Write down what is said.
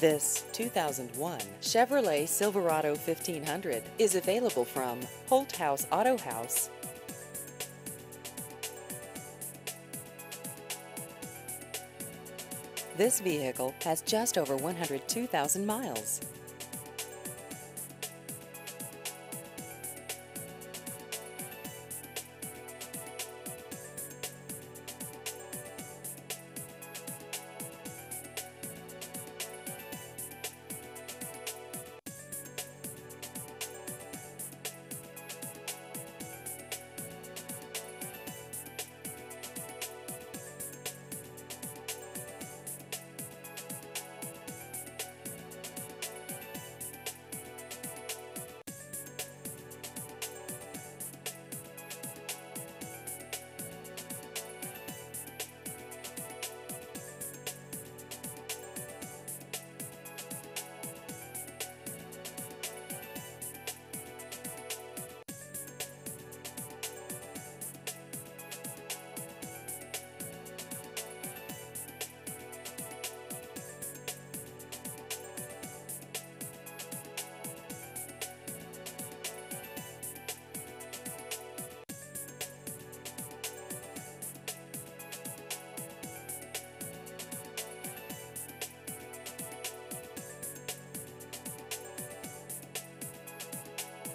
This 2001 Chevrolet Silverado 1500 is available from Holt House Auto House. This vehicle has just over 102,000 miles.